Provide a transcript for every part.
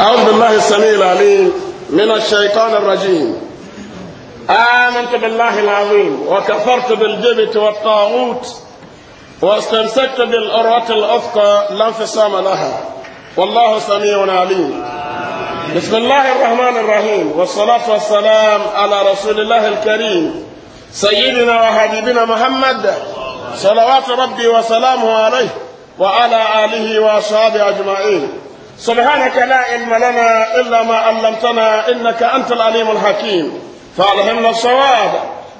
أعوذ بالله السميع العليم من الشيطان الرجيم آمنت بالله العظيم وكفرت بالجبت والطاغوت واستمسكت بالأروة الأفقى لا انفصام لها والله سميع عليم بسم الله الرحمن الرحيم والصلاة والسلام على رسول الله الكريم سيدنا وحبيبنا محمد صلوات ربي وسلامه عليه وعلى آله وأصحابه أجمعين سبحانك لا علم لنا إلا ما علمتنا إنك أنت العليم الحكيم فألهمنا الصواب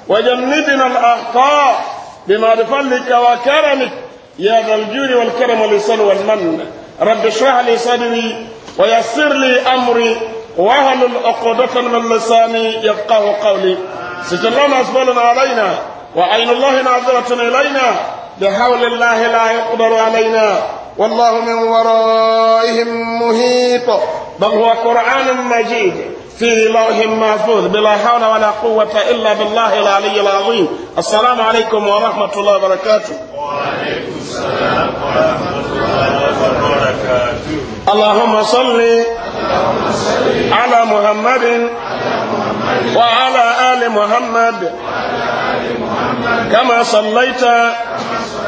وجنبنا الأخطاء بما بفضلك وكرمك يا ذا الجود والكرم والإحسان والمن رب اشرح لي صدري ويسر لي أمري وهل عقدة من لساني يفقه قولي ست الله مسؤول علينا وعين الله ناظرة إلينا بحول الله لا يقدر علينا والله من ورائهم مهيط بل هو قرآن مجيد في لوح محفوظ بلا حول ولا قوة إلا بالله العلي العظيم السلام عليكم ورحمة الله وبركاته وعليكم السلام ورحمة الله وبركاته اللهم صل على محمد وعلى آل محمد كما صليت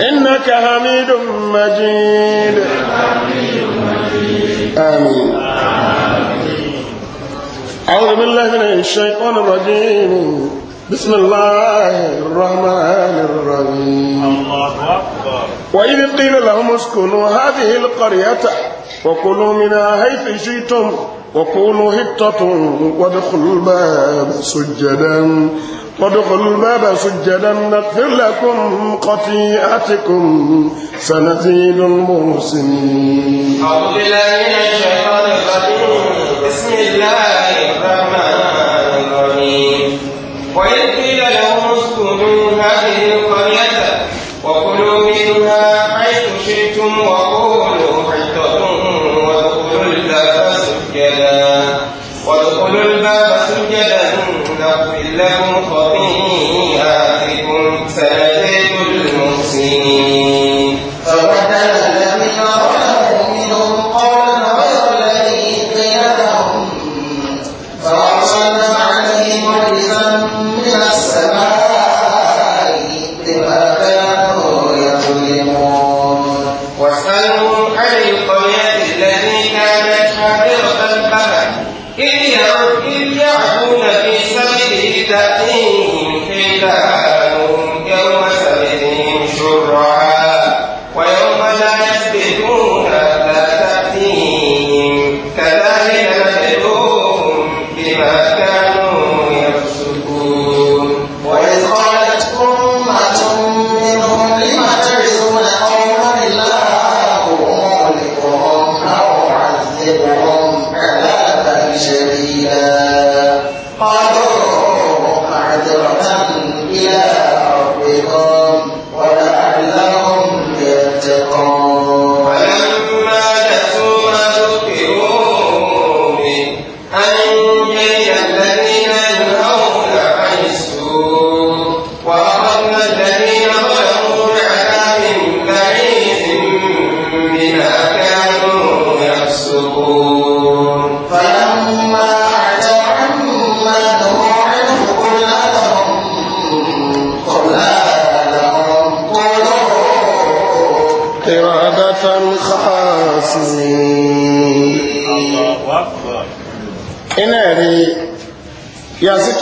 إنك حميد مجيد آمين أعوذ بالله من الشيطان الرجيم بسم الله الرحمن الرحيم الله أكبر وإذ قيل لهم اسكنوا هذه القرية وكلوا منها حيث شئتم وكونوا هتة وادخلوا الباب سجدا وادخلوا الباب سجدا نغفر لكم خطيئتكم سنزيد المحسنين بالله من الشيطان الرجيم بسم الله الرحمن الرحيم وإذ قيل لهم اسكنوا هذه القرية وكلوا منها يعلم خطيئاتكم فلا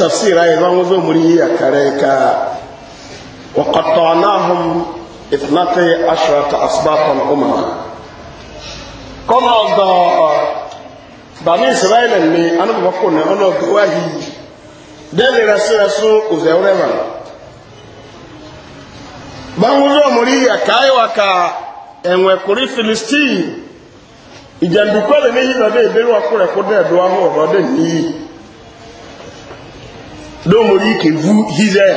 tafsira yi zan zo muri ya kare ka wa qattanahum ithnatay ashrata asbatan umma kono do bani israel ni anu ba ko ne ono do wa hi de le rasira su uzeure ba ban zo muri ya kai wa ka enwe kuri philistine ijandu kwale ni hizo de beru akure ko de do amu do de ni domori kevu hizɛ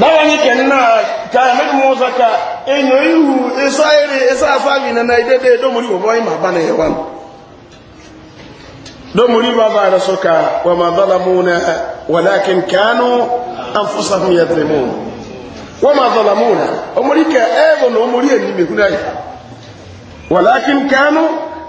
báwo ni kẹ́ni náà ka ẹ̀mẹ́ni mọ́ sọ ka èèyàn ihu esọ ayére esọ afáàgì nana ìdẹ́dẹ́ domori wọ̀ bọ́yìn màá bá ma yẹ wa nù domori bá bá rẹ ka wà má bá na wàlákin kánú anfusahun yẹ tẹ̀lé mu wọ́n má bá na ọmọdé kẹ ẹ̀ na ọmọdé yẹ ní mẹ́kúnlá yẹ wàlákin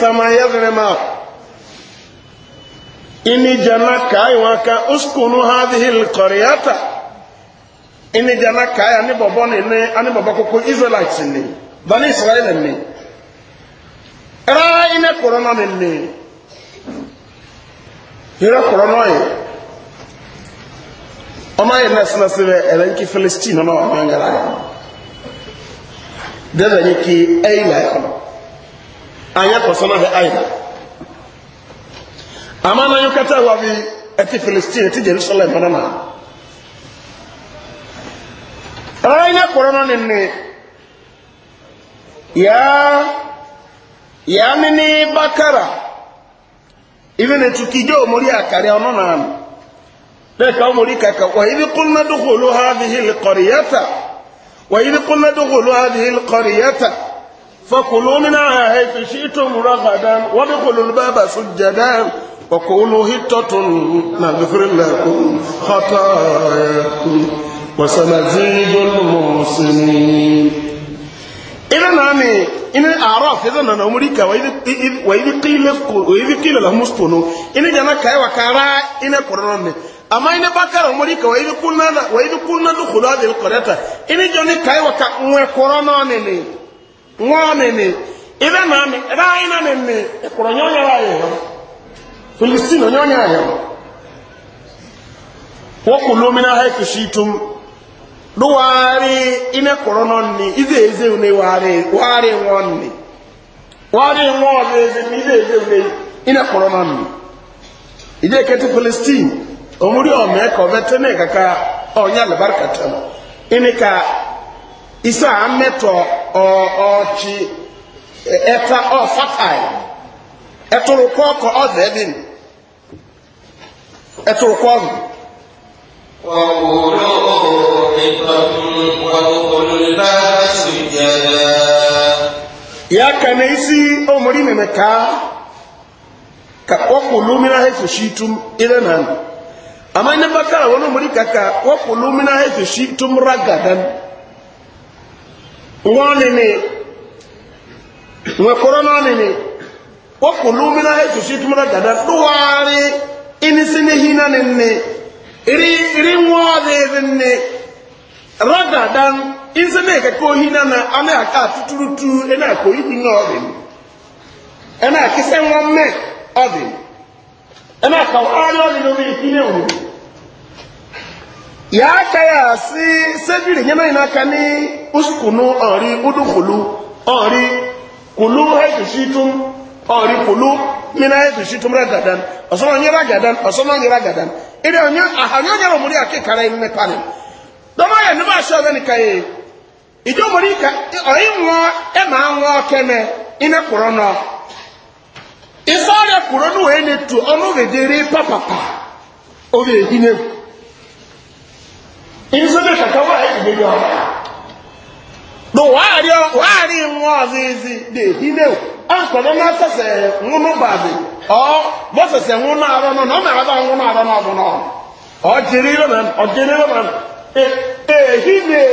كما يظلم إني جنك أيوانك أسكن هذه القرية إني جنك أي أني بابوني ني أني باباكوكو إزولايتس ني بني إسرائيل ني إرى إني كورونا ني إرى كورونا ọmọ yẹn náà sinna sinna ẹ̀rẹ́ nkí Palestine náà wà ní ọ̀gá rẹ̀ dẹ́rẹ́ yìí kí ẹ̀yìn láyé ọ̀nà anya kɔsɔn ahɛ aina ama na yɛ kata wa bi ɛti filistin ɛti jerusalem mana na aina kɔrɔ no ne ne yaa yaa ne ne bakara ibi ne tuki gye omori akari ɔno na ano bɛɛ omori kaka wa ibi kulna duhulu ha bihi likɔriyata wa ibi kulna duhulu ha bihi likɔriyata. فكلوا منها حيث شئتم رغدا وادخلوا الباب سجدا وقولوا هتة نغفر لكم خطاياكم وسنزيد المحسنين إذا أنا إن أعرف إذا أنا أمريكا وإذا قيل وإذا قيل لهم اسكنوا إن جانا كاي وكارا إن كورونا أما إن بكر أمريكا وإذا قلنا وإذا قلنا دخول هذه القرية إن جانا كاي وكارا قرآن nwameme ebe maame ebe anyị na-amemme kwụrụ onye onye anyị hụ filistin onye onye anyị hụ wọ́kù lómìnà haifisi tún ló wáárí iná kọ̀rọ̀ náà ní ìzẹ̀ èzẹ̀ òní wáárí nwa ní wáárí wọn ọ̀rẹ́ èzẹ̀ ní ìzẹ̀ èzẹ̀ òní iná filistin isa ọ̀ọ̀chị ẹta ọ̀fatai ẹtụrụ kọọkọ ọdụ ebe m ẹtụrụ kọọkọ ya ka na isi omori meme ka ka ọkwụlụ mmiri ahụ efushi tum ire na ama ndị bakara wọn omori kaka ọkwụlụ mmiri ahụ efushi tum ragadan Ngwa nwẹ̀kọ́rọ́ nwekọrọ nìní wọ́n kò na náà ètò dada túnmọ́ dàdá lówárí inisini hina iri rí wọ́n rèé nìní rọ́dàdá inisini kẹ́kọ́ na na àká aka ẹ̀nà àkọ́ yìí nínú ọ̀rẹ́ akịsị ya aka ya asị sebiri nye mmadụ n'aka ni uskunu ọrị udukulu ọrị kulu hefushitum ọrị kulu mina hefushitum ragadan ọsọ onye ragadan ọsọ onye ragadan ịdị onye ahanye onye ọmụrụ ya kekara ya mmepe anyị dọba ya nnukwu asị ọzọ nika ya ije ọmụrụ ka ọyị nwụọ ema nwụọ kene ime kwụrụ nọ ịsa ọrịa kwụrụ n'ụwa etu ọnụ vedere papapa oge ehinewu ìrísọ́dọ̀ ṣàkàwà ìgbè yọ ló wàárí wọn àzízi dè hínẹ́ ò ọ̀nkọ̀dọ̀ náà sẹ̀sẹ̀ ńúnú bàbí ọ́ bọ́ sẹ̀sẹ̀ ńúnú àrọ́ náà ọmọ na ọ ńúnú àrọ́ náà ọ̀bùnà ọ̀jẹ̀rẹ̀ ìrọ̀mọ̀ ọ̀jẹ̀rẹ̀ ìrọ̀mọ̀ èhínẹ́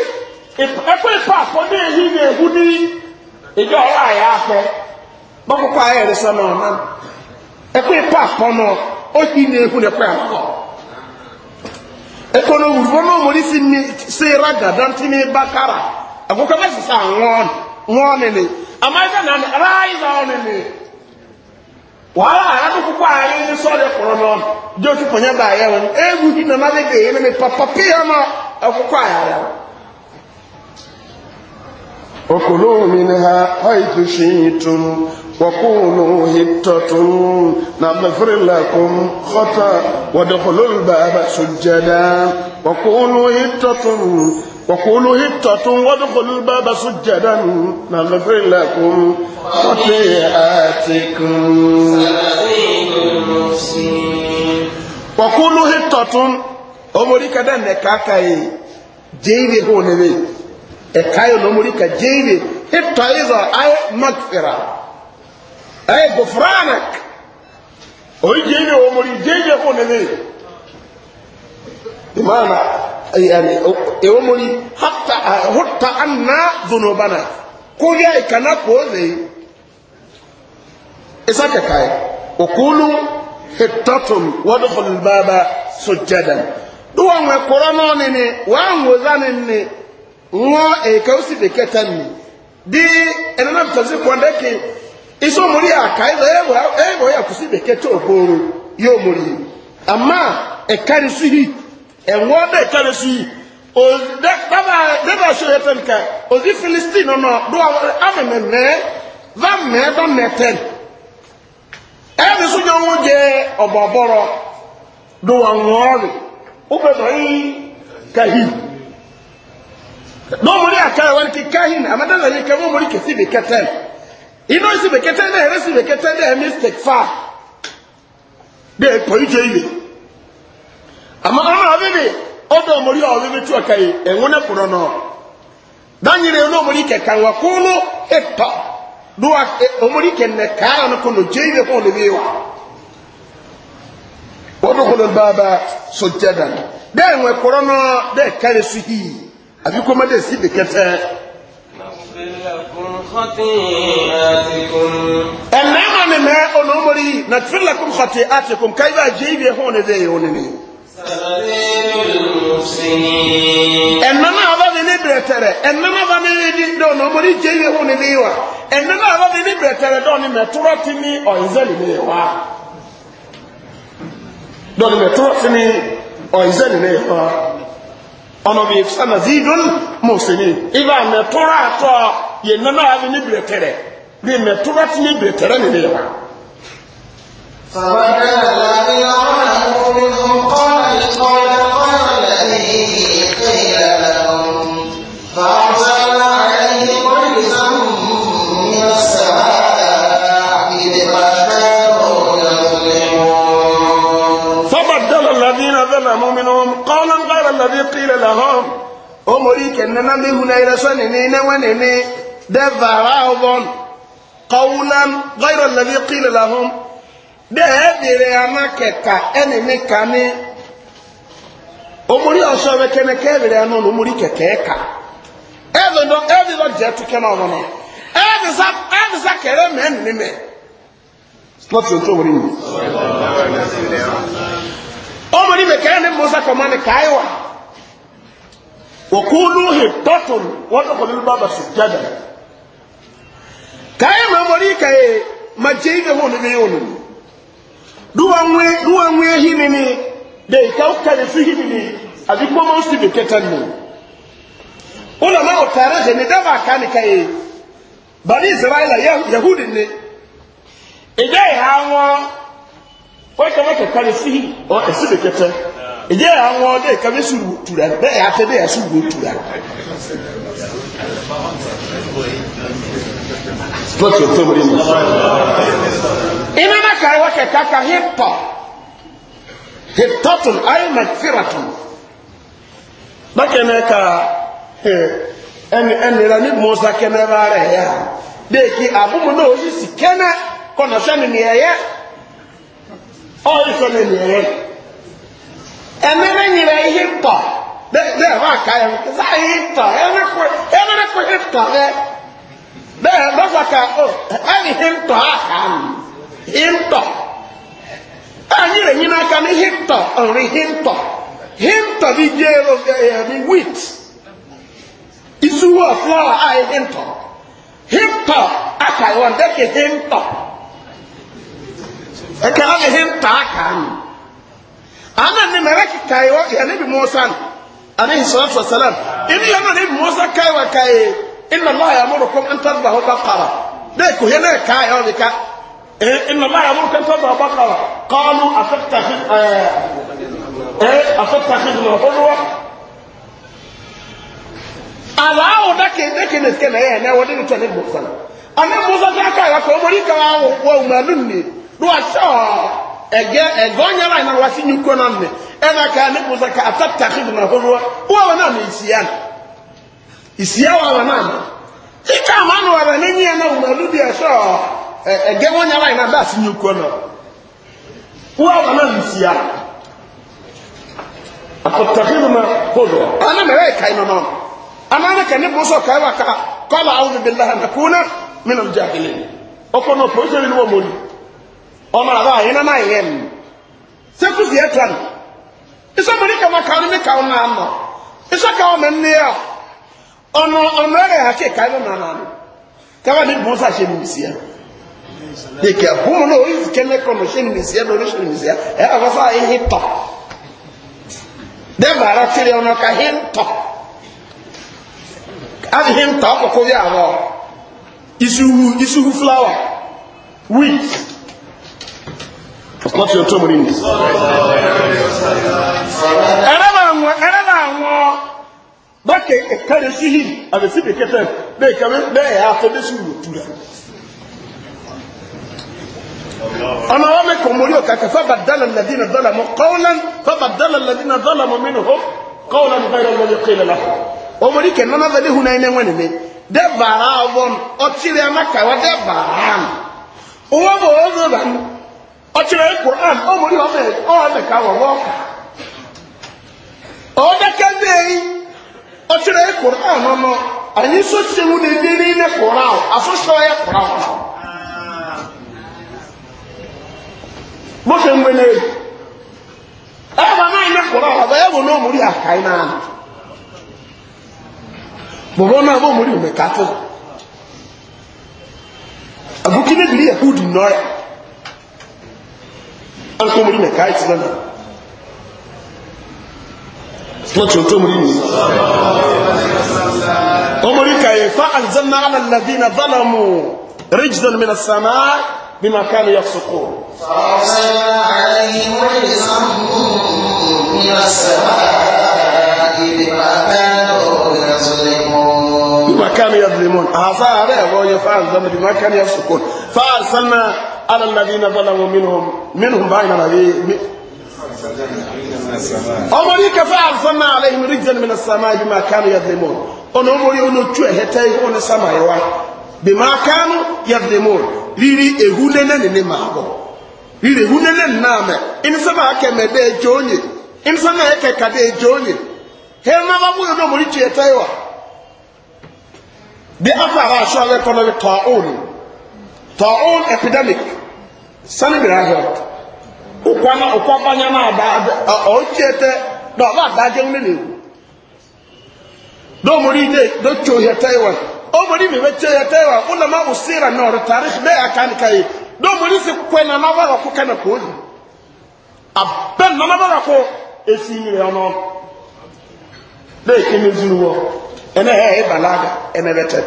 ekono wurwo no mo risi ni se raga danti ni bakara akoko ba sisa won won ni amaja na ni raiza won ni wala ara ko ko ayi ni so de koro no jo ti ponya ba ya won ebu ti na na de ni papa pe ama akoko aya okulu minha haitu shitum وكونوا هتة نغفر لكم خطأ وادخلوا الباب سجدا وكونوا هتة وكونوا هتة وادخلوا الباب سجدا نغفر لكم خطيئاتكم وكونوا هتة أمريكا نكاكاي جيبي هونيبي ekayo nomorika jeyde hetta isa ay magfira أي غفرانك ويجيني ومري جيني هو نبي بمعنى يعني ومري حتى حتى عنا ذنوبنا كل يا كنا كوزي إساك كاي وقولوا حتتم ودخل الباب سجدا دو ان قرانوني ني وان وزاني ني نو اي كوسي بكتني دي أنا نفسي كوندكي isi omori aka ewe ya kwụsị bekee oboro ya omori ama ekarịsịghị enwe ọda ekarịsịghị daba asọyete ozi filistin nọ amememe vamme vamneten ebe sụnye ọnwụ je ọgbọgbọrọ dụwa nwụọ ọrụ ụbọdọ kahi n'omori aka kahi na amadala omori kesi bekee inú ẹsẹ bẹkẹtẹ náà ẹrẹsẹ bẹkẹtẹ náà ẹmí sèkfà bẹẹ pọyìjọ yìí àmọ ọmọ abébè ọdọ ọmọlẹ ọbẹbẹ tí ọkà yìí ẹwọn náà kúrọ náà dányìrì ẹwọn ọmọlẹ kẹkà wà kúló ẹtọ lọwọ ọmọlẹ kẹnẹ káyọ náà kọlọ jẹ ìwé kọlọ ìwé wa wọn kọlọ bàbà sọjá dànù dẹ ẹwọn kúrọ náà dẹ káyọ sí yìí àbíkọ́ mọ́ dẹ sí bẹkẹtẹ ɛnɛma ne mɛ ɔnomori na tfir lakum khati'atikum kai ba jeibe ho ne de yo ne ne ɛnɛma aba de ne brɛtɛrɛ ɛnɛma aba ne de de ɔnomori jeibe ho ne de wa ɛnɛma aba de ne brɛtɛrɛ dɔ ne mɛ toro ti ni ɔyizɛli ne wa dɔ ne mɛ toro ti ni ɔyizɛli ne wa ọ̀nà bí sana zidun mùsùlùmí ibà mẹtọ́rọ̀ àtọ̀ yẹn nana àbí ní bìrẹ̀ tẹ̀rẹ̀ bí mẹtọ́rọ̀ ti ní bìrẹ̀ tẹ̀rẹ̀ wa. sàbàdàn àlàyé ọ̀rọ̀ àwọn ọmọ الذي قيل لهم أمري كأننا لهنا إلى سنين ونين دفع عظم قولا غير الذي قيل لهم دهبر أنا كتا أني مكاني أمري أصاب كنا كبر أنا أمري كتاكا هذا دون هذا دون جاتو كنا أمنا هذا سب هذا سكر من نمي Not your trouble in me. Omori mekere وقولوا هبة وادخلوا الباب سجدا كاي ما مريك ما جيبه هون بيون دو انوي دو انوي هيني دي كاو كاري في هيني ابي كوما سي بكتن ولا ما وتاريخ ني دابا كان كاي بني اسرائيل يهود ني ايداي هاو وكما كاري في او اسي بكتن ìjẹ́ àwọn ọdẹ ìkàwé sùúrù òtùrà bẹ́ẹ̀ àtẹ́dẹ́ yà sùúrù òtùrà spọ́tì ọ̀tọ́ mọ̀ nínú iná náà kàrí wá kẹ̀kẹ́ ká hìpọ̀ hìpọ̀tún ayé mẹ́fìràtún bákẹ́ náà ká ẹnìyàn ní mọ́sá kẹ́nẹ́ bá rẹ̀ yá bẹ́ẹ̀ kí àbúmọ̀ náà ó sì sì kẹ́nẹ́ kọ́nà sẹ́ni nìyẹn ọ́ ìsọ́ni nìyẹn Emene nyina ihe tɔ dɛ dɛ ɛfɔ aka yɛ mo sɛ ihe tɔ ɛmɛ ko ɛmɛ ko ihe tɔ dɛ dɛ ɛfɔ ka o ɛni ihe tɔ aka no ihe tɔ ɛni yɛ nyina aka no ihe tɔ ɔri ihe tɔ ihe tɔ bi di ɛyɛ ɛyɛ bi wheat isu wɔ flour a ihe tɔ ihe tɔ aka yɛ wɔn ihe tɔ ɛkɛ ihe tɔ aka no ana ne mara ki kaiwa ya nabi musa alayhi salatu wassalam ini yana nabi musa kaiwa kai inna allah ya'murukum an tadhbahu baqara dai ku yana kai on ka إن الله يأمرك أن تذبح بقرة قالوا أفتتخذ آه إيه أفتتخذنا هزوا aláwọ̀ dákẹ̀ẹ́dẹ́kẹ̀ ní ṣẹlẹ̀ ẹ̀ náà wọ́n dínú tẹ̀lé gbọ̀sán àmì ìmúsọ́sí akáyọ̀ kò mórí kan wọ́n mọ̀ lónìí ló wà ṣọ́ọ̀ ɛgɛ ɛgɔnyɛ la yina wasi nyu kɔnɔ nɛ ɛna ka ne ko sɛ ka ata taki duna ko wa wa wa na mi isia na isia wa wa na mi tika ma no wa ne nyɛ na wuma lu bi ɛsɛ ɛgɛ wɔnyɛ la yina da si nyu kɔnɔ wa wa na mi isia ataki duna ko wa ana mɛ ɛyɛ kai nɔnɔ ana ne ka ne ko sɔ kai wa ka kɔla awo bi bi kuna minnu jahilin ɔkɔ n'o pɔsɛ ni wɔn mo ọmọlá bá yẹn náà yẹ mu sẹkùsì yẹ tura nù ìsọmọ ní kàwọn kàwọn ní kàwọn náà nọ ìsọkàwọn mẹ ní yà ọnà ọmọ rẹ yà kẹ kàwọn náà nọ kàwọn ní bọ́n sà ṣe ní bìsíyà dèkè ọmọ náà orí kẹlẹ kọ náà ṣe ní bìsíyà náà orí ṣe ní bìsíyà ẹ àwọn sà yẹ hí tọ dẹ́gbà ara tẹ̀lé ọ̀nà ká hí tọ àti hí tọ ọkọ̀ kó yà wọ isuhu isuhu flower wheat ọ̀sọ́tí ọ̀tọ́ mú nínú ẹ̀rẹ́bà àwọn bọ́kẹ̀ ẹ̀kẹ́rẹ́ sí hìn àbẹ̀sí ìkẹtẹ̀ bẹ́ẹ̀ àfẹ́bẹ́sí ìwòtúra ọmọ wọn mẹ́kọ̀ mórí ọ̀kàkà fábàdálà lẹ́dínà dọ́làmọ́ kọ́ọ̀lán fábàdálà lẹ́dínà dọ́làmọ́ mínú hó kọ́ọ̀lán bẹ́ẹ̀rẹ̀ lọ́dún kílẹ̀ lọ omori kẹ nana bẹ lihu n'ayi n'enwe nìmi dẹ baara wọn ọtí rẹ anakawa dẹ baara wọn bọ wọn bọ bá nù. ọchịrị koran e ọmụrụ ọmụ ọmụ ka wọwọ ọka ọdaka nneyi ọchịrị koran e ọnụ anyị so sewu na ndị niile koran asụsụ ya koran bụsị mgbe na-egwu ebe anaghị na koran ọba ya bụ na ọmụrụ ya ka anyị na-anụ bụrụ na ọmụrụ ya ka atụ abụkị mebiri yahudu n'ọrịa an ko muri na kai tsana na to muri ni umuri kai fa alzanna ala alladhina zalamu rijzan min as-samaa bima kanu yafsuqun بما كانوا يظلمون هذا هذا هو يفعل بما كانوا يفسقون فارسلنا على الذين ظلموا منهم منهم بيننا ọmọdé kẹfẹ́ àfẹ́mà aláìhìm ríjẹn mi na sàmà ibi máa kánú yàdìmọ́ ọ̀nà ọmọdé ọ̀nà ojú ẹ̀hẹ́tẹ́ ihò ní sàmà ẹ̀wá bí máa kánú yàdìmọ́ rírí ehu nẹ́nẹ́ nínú máa bọ̀ rírí ehu nẹ́nẹ́ nínú àmẹ́ ìnísàmà akẹ́mẹ́dẹ́ ẹjọ́ ònyè ìnísàmà ẹ̀kẹ́kàdé ẹjọ́ ònyè hẹ́ẹ́ طاعون epidemic sanibiri ahịa ụkwana ụkwabanya na-ada ochiete na ọba adaje nne na-ewu domori de docho ya taiwan omori mi becho ya wa una ma usira na ọrụ tarikh be aka nka yi domori si kwe na n'aba wara ko kana ko ozi abẹ na na wara ko esi ire ọnụ de kemi zuru wọ ene he ibalaga ene bete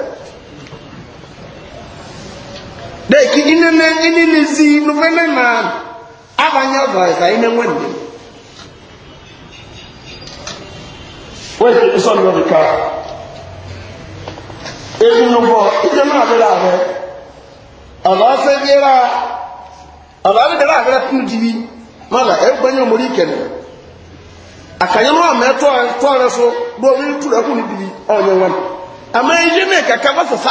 deki inene inene zi nufene na abanya vaza ine mwende weki iso nyo bika ebi nyubo ije na abira abe abase jera ababi dara abira kunu dibi mala egbanye omori kene akanya no ame to to ara so do mi tu ra kunu dibi onye wan ama ije ne kaka basa sa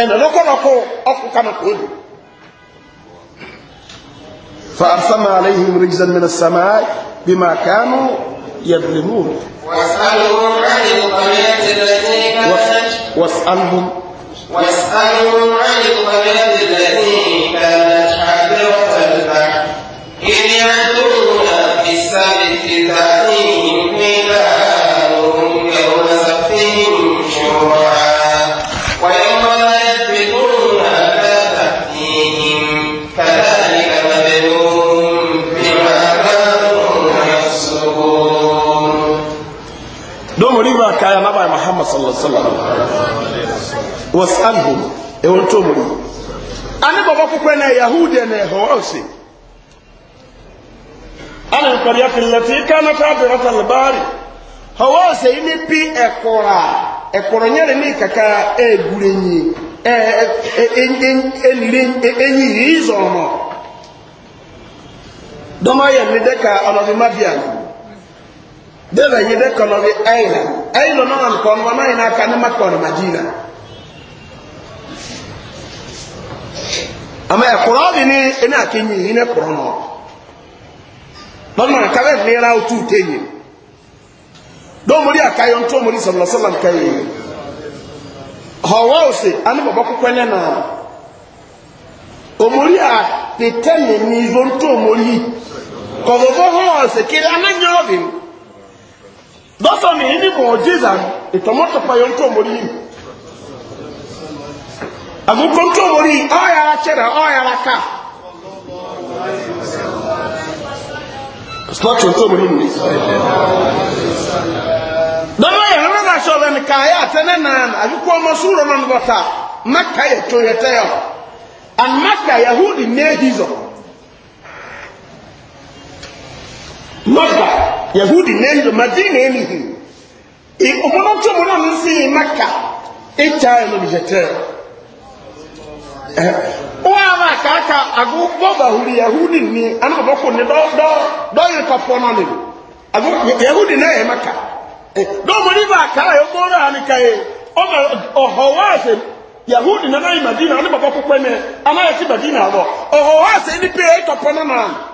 ẹnna lọkọlọkọ ọkọ kama kò lò. فأرسلنا عليهم رجزا من السماء بما كانوا يظلمون واسألهم عن القرية التي كانت واسألهم واسألهم عن القرية التي كانت حاضرة البحر إذ يعدون في السابق تأتيهم wasallam wasalhum ewon to muri ani baba ku kwena yahudi ne hawasi ana alqaryati allati kanat abirat albari hawasi ni pi ekora ekoro nyere ni kaka egurenyi eh en en enyi izoro no domo yemi deka anodimadian dela yede kono ayla ayla no an kon wana ina madina ama e qur'ani ni ina kinyi ina qur'ano don ma ka ni ra otu tenyi do mori akayo nto mori sallallahu alaihi wasallam hawa ani baba ko na omori a petenye ni ko bo ho se dɔsɔ ni ini mɔɔjiza ìtɔmɔ tɔpa yɔ ntɔmɔri yi agogo ntɔmɔri yi ɔyara kyerɛ ɔyara ka sɔtɔ ntɔmɔri yi dɔnɔ yɛ hana na sɔrɔ ni kaayɛ atɛnɛ nan agogo ɔmɔ suuro nɔ nbɔta maka yɛ And yɛ tɛ yɛ anaka yahudi ne hizɔ maka. yahudi nendo madina ma ọmọdé na ọmọdé ọmọdé sí maka ẹkya ẹnu bi jẹtẹ wọn àwọn àkàkà àgọ bọba yahudi ni dọ yahudi na maka dọwọmọdé bá àkàrà yẹ bọọlọ àníkà yẹ ọmọ ọhọ yahudi na madina madina ndị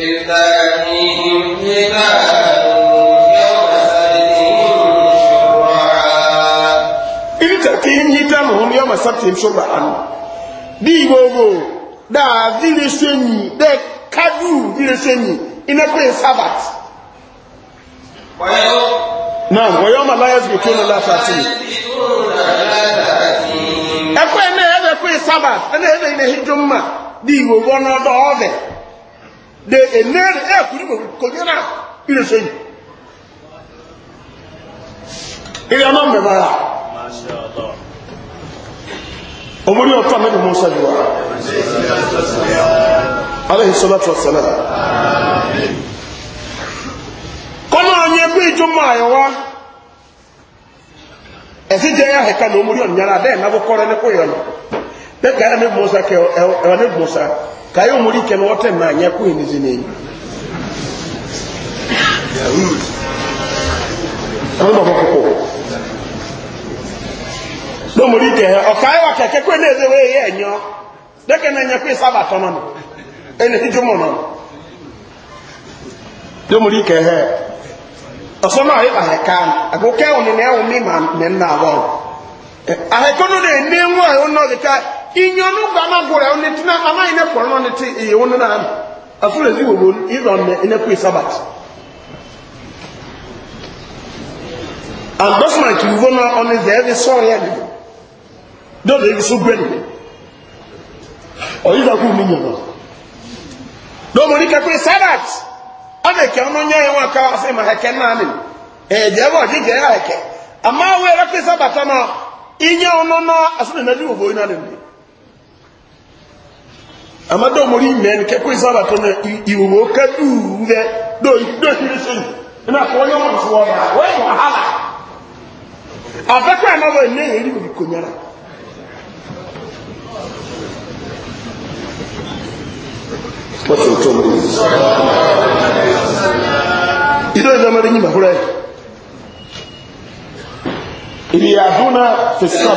ìtàkìyìntàmùhún yọmọ sátìm ṣọ́bà ánù bí gbogbo dáa vire ṣẹ́yìn dẹ́ kájú vire ṣẹ́yìn iná pé sábàt náà wọ́yọ́mọ̀ láyẹ́sì kò tó lọ látàtì ẹ̀kọ́ ẹ̀mẹ́ ẹ̀mẹ́ pé sábàt ẹ̀mẹ́ ẹ̀mẹ́ ìnẹ̀hìn jọmọ́ bí gbogbo de enere e eh, kuri mo konyana ile seyi ile ama mbebara omori ọtọ mẹbi musa yi wa alayhi salatu wa salam kọ́nà ọ̀nyẹ́ bí ìjọba àyẹ̀wá ẹ̀sìn jẹ́ ẹ̀ka ní omori ọ̀nyára bẹ́ẹ̀ náà kọ́rẹ́ ní kó yẹ lọ bẹ́ẹ̀ ká ẹ̀ ní musa kẹ́ ẹ̀ e, ní e, e, musa. Ka muri ken ike manya kuhinizi nini ɔmɔ bɔ koko lomori kɛ ɔkaayɛ wa kɛkɛ keke ne eze wee ihe enyo dɛkɛ na enyekwa koe saba tɔnɔ no ɛnɛ ti nọ no lomori kɛ hɛ ahịa. kaa nna inyonu gbana gore on neti na ama ine kworo no neti e won na am afure zi wo won izo ne ine ku sabat and those man ki wo na on is every song ya ni do le bi so gbe ni o yi da ku mi nyo do mo ni ka ku sabat ade ke ono nya yen wa ka se ma heke na ni e je bo ji je heke ama we ra ku sabat na inyo no no asu na di wo bo ina ni amadu omori mɛn kɛkɔ isaba tɔ na iwowo kadu dɛ do do yiri so yi ɛna kɔn yɛ wɔn fɔ ɔna wɔn yɛ wahala afɛkɔ yɛ n'abɔ ɛnɛ yɛ ɛribi konyara wɔsi o tɔn mu idɔ ɛdama de nyima hura yɛ ibi yaduna fesaf.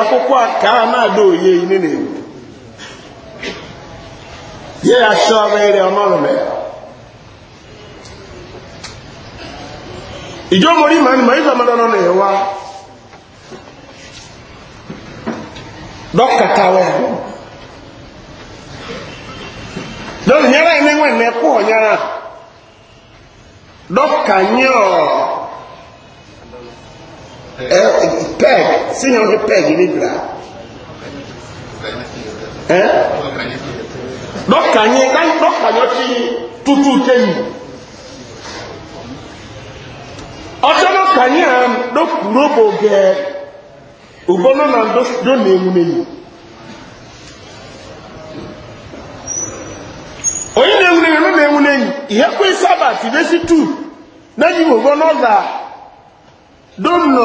akwụkwọ a ka a na-ada oye ine na-ewu ye ya chọọ mere ọnọrọ mere ìjọ mọ̀rí ma ní ma ìfẹ́ mọ́dánà náà wá dọ́kàtà wẹ̀ lọ́nà nyẹ́rẹ́ ẹ̀mẹ́wẹ̀ nẹ́kọ́ ọ̀nyára dọ́kà nyẹ́ ọ̀ọ́ Eh, peg sínú ní peg ní bìrà dọ́kànyé dọ́kànyọ́ tí tútù kéyì ọjọ́ dọ́kànyé à ń dọ́kùróbò gẹ ògbóná náà dọ́ ewu na-ewu n'eyi ihe kwe sábà tìbesi dónù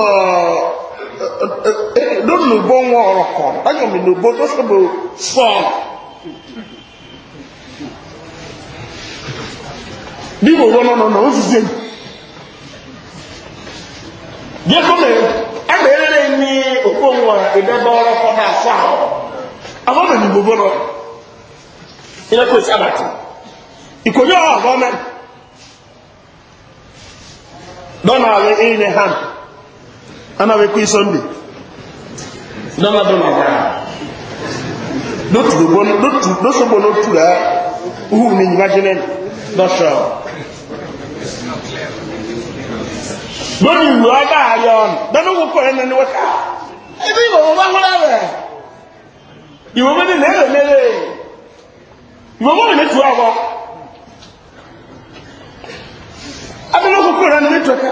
dónù bó ń wọ ọrọ kọ báyọ̀ mi ló bó tó sọ̀bù sọ̀n. bí wò wọ́n nọ nọ ó sì sèmi. yẹ kó mi agbèrè ní òkú wọn ìdẹ́gbẹ́ ọrọ kọ náà fà á àwọn mi ló bó lọ ilé kò sí àbàtì ìkòyí ọ̀rọ̀ ọ̀rọ̀ mẹ́rin dọ́nà àwọn ẹ̀yìn ni hàn ana we kui sunday nana do na ya do tu bo do tu do so bo no tu la u ni nyima jene do so do ni wa ba yon do no ko ene ni waka e bi bo ba ngora be iwo be ni le le le iwo mo ni tu awo abelo ko ko ene ni tu ka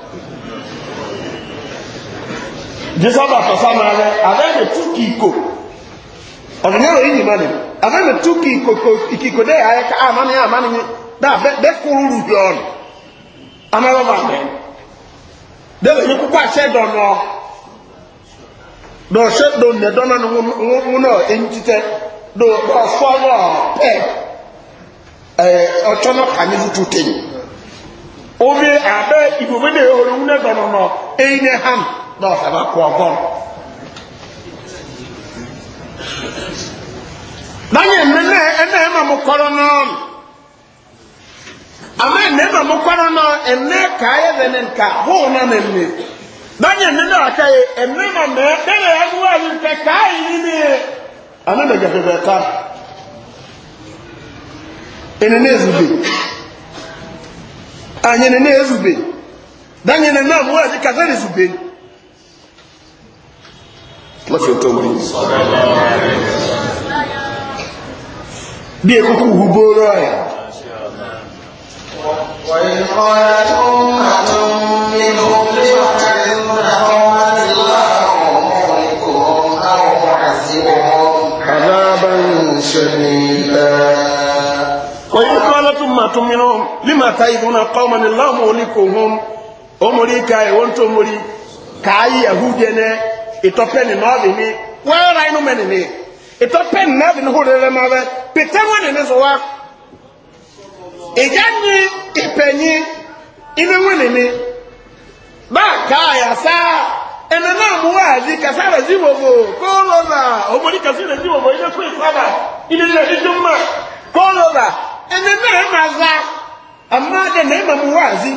jisaba tɔsama lɛ abe ne tu k'iko ɔdunyawo yi nyima ne abe ne tu k'iko k'iko de ayɛ ka amani amani nye da bɛ bɛ kuru rubiɔn amaba ma mɛ de bɛ nyɛ koko ahyɛ dɔnɔ dɔhyɛ dɔnɛ dɔnɔ no ŋunɔ eŋtitɛ do ɔfɔ wɔ pɛ ɛɛ ɔtɔnɔ kani tutu te omi abe ibomi de ɔlɔwunɛ dɔnɔ nɔ eyi ne ham. dɔɔsɛ bá kɔ ɔgɔn eme nnɛnɛ ɛnɛ ɛma mo kɔrɔ nɔɔn ama ɛnɛ ɛma mo kɔrɔ nɔɔn ɛnɛ kaa yɛ bɛ ne nka bóun na ne nne n'anyɛ nnɛnɛ aka yɛ ɛnɛ ma mme ɛnɛ yɛ ɛmu ayi nkɛ kaa yi ni ne ana na gɛfɛ bɛ ta na ne ezube anyɛ ne ne ezube n'anyɛ nnɛnɛ amu ayi kasa ne ezube. d kuko ugwuboloh imatana tamla mli omoikaemoli ka i yaho del ìtọ́pẹ́ni náà bì ní wẹ́ẹ́rà inú mẹ́ni ní ìtọ́pẹ́ni náà bì ní hó rere máa bẹ́ pété wọ́n ní sọ wá. ìjà ní ìpẹ̀yìn inú wọ́n ní ní báà ká àyàsá ẹnì náà mú wá àzí kàsá rẹ̀ sí wòwò kóòlóòlà òmòdì kàsí rẹ̀ sí wòwò ilé fún ìfúnàbà ilé ilé ìjọ mọ́ kóòlóòlà ẹnì náà máa za àmọ́ ẹnì náà mú wá àzí